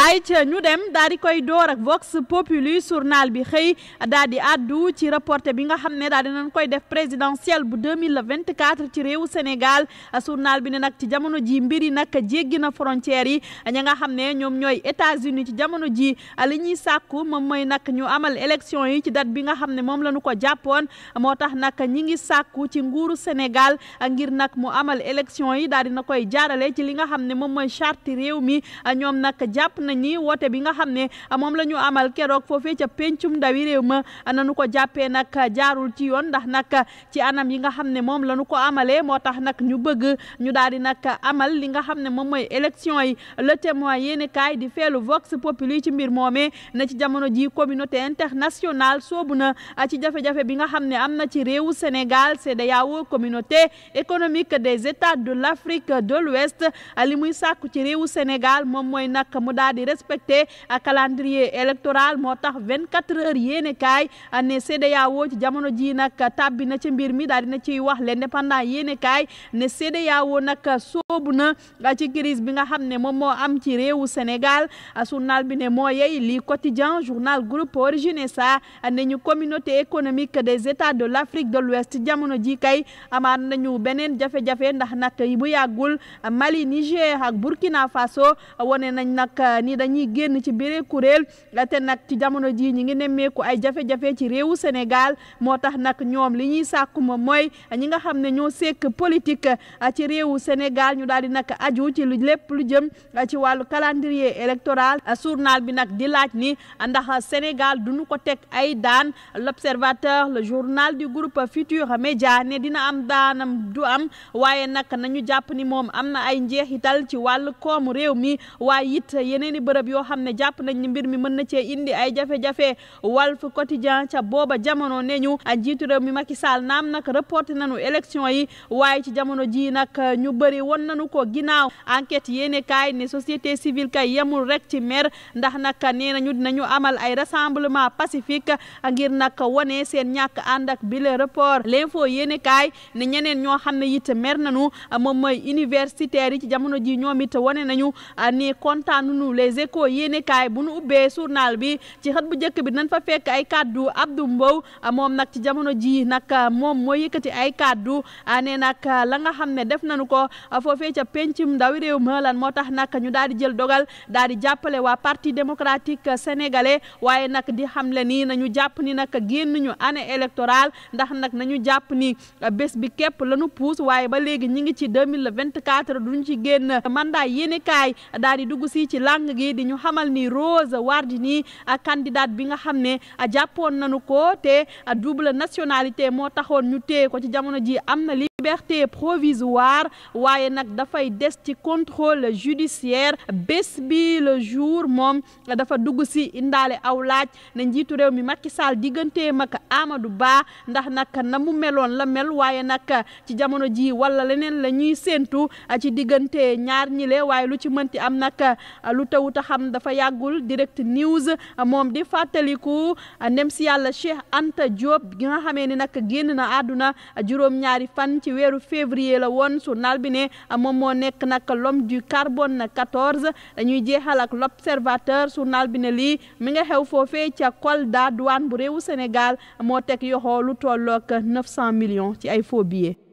ayca ñu dem daal di koy door ak Vox Populi journal bi xëy daal di addu ci rapporter bi nga xam ne daal dinañ koy def présidentielle bu quatre ci réewu Sénégal surnal bi ne nag ci jamono ji mbir yi nag jéggi na frontières yi ña nga xam ne ñoom ñooy États-Unis ci jamono ji li ñuy sàkku moom mooy nag ñu amal élection yi ci date bi nga xam ne moom la ñu ko jàppoon moo tax nag ñi ngi sàkku ci nguuru Sénégal ngir nag mu amal élection yi daal dina koy jaarale ci li nga xam ne moom mooy charte réew mi ñoom nag jàpp nañ ni woote bi nga xam ne moom la ñu amal keroog foofee ca pencum ndawi réew ma nanu ko jàppee nag jaarul ci yoon ndax nag ci anam yi nga xam ne moom la ñu ko amalee moo tax nag ñu bëgg ñu daal di nag amal li nga xam ne moom mooy élection yi le témoin yéeni kaay di feelu vox populi ci mbir moomee na ci jamono ji communauté international soobu na ci jafe-jafe bi nga xam ne am na ci réewu Sénégal CEDEAO communauté économique des états de l'Afrique de l'Ouest li muy sàkku ci réewu Sénégal di respecté calendrier électoral moo tax 24 heures yéene kaay ne CEDEAO ci jamono ji nag tàbbi na ci mbir mi daal dina ci wax l'indépendant yéene kaay ne CEDEAO nag soobu na ci crise bi nga xam ne moom moo am ci réewu Sénégal journal bi ne moo yey lii quotidien journal groupe origine sa ne ñu communauté économique des états de l'Afrique de l'Ouest jamono ji kay amaat nañu beneen jafe-jafe ndax nag bu yàggul Mali Niger ak Burkina Faso wone nañ nag ni dañuy génn ci biir kuréel te nag ci jamono jii ñi ngi nemmeeku ay jafe-jafe ci réewu Sénégal moo tax nag ñoom li ñuy sàkku moom mooy ñi nga xam ne ñoo sekk politique ci réewu Sénégal ñu daal di nag aju ci lu lépp lu jëm ci wàllu calendrier électoral journal bi nag di laaj ni ndax Sénégal duñu ko teg ay daan l'observateur le journal du groupe Futur Média ne dina am daanam du am waaye nag nañu jàpp ni moom am na ay njeexital ci wàllu koomu réew mi waaye it di bërëb yoo xam ne jàpp nañ ni mbir mi mën na cee indi ay jafe-jafe Walf Quotidien ca booba jamono ne ñu njiitu réew mi Macky Sall naam nag reporté nañu élection yi waaye ci jamono ji nag ñu bëri won nañu ko ginnaaw enquête yéene kaay ne société civile kay yemul rek ci mer ndax nag nee nañu dinañu amal ay rassemblement pacifique ngir nag wane seen ñàkk ànd ak bile report l'info yéene kaay ne ñeneen ñoo xam ne it mer nañu moom mooy universitaires yi ci jamono ji ñoom it wane nañu les échos yéene kaay bu nu ubbee journal bi ci xët bu njëkk bi nañ fa fekk ay kaddu Abdou Mbow moom nag ci jamono ji nag moom moo yëkkati ay kaddu ah, ne nag la nga xam ne def nañu ko ah, foofee ca pencum ndawi réew ma lan moo tax nag ñu daal di jël dogal daal di jàppale waa parti démocratique sénégalais waaye nag di xamle ni nañu jàpp ni nag génn ñu année électorale ndax nag nañu jàpp ni bés bi képp lañu puus waaye ba léegi ñi ngi ci 2024 duñ ci génn mandat yéene kaay daal di njàng gi di ñu xamal ni Rose Wardini candidate bi nga xam ne jàppoon nañu ko te double nationalité moo taxoon ñu téye ko ci jamono ji am na liberté provisoire waaye nag dafay des ci controle judiciaire bés bi le jour moom dafa dugg si indaale aw laaj ne njiitu réew mi Macky Sall digganteem ak Amadou Ba ndax nag na mu meloon la mel waaye nag ci jamono ji wala leneen la ñuy séentu ci diggante ñaar ñile waaye lu ci mënti am nag lu tawut a xam dafa yàggul direct news moom di fàttaliku ndem si yàlla Cheikh Anta Diop gi nga xamee ni nag génn na àdduna juróom-ñaari fan ci ci weeru février la woon journal bi ne moom moo nekk nag l'homme du carbone 14 dañuy jeexal ak l'observateur journal bi ne lii mi nga xew foofee ca Kolda douane bu réewu Sénégal moo teg yoxoo lu tollook 900 millions ci ay faux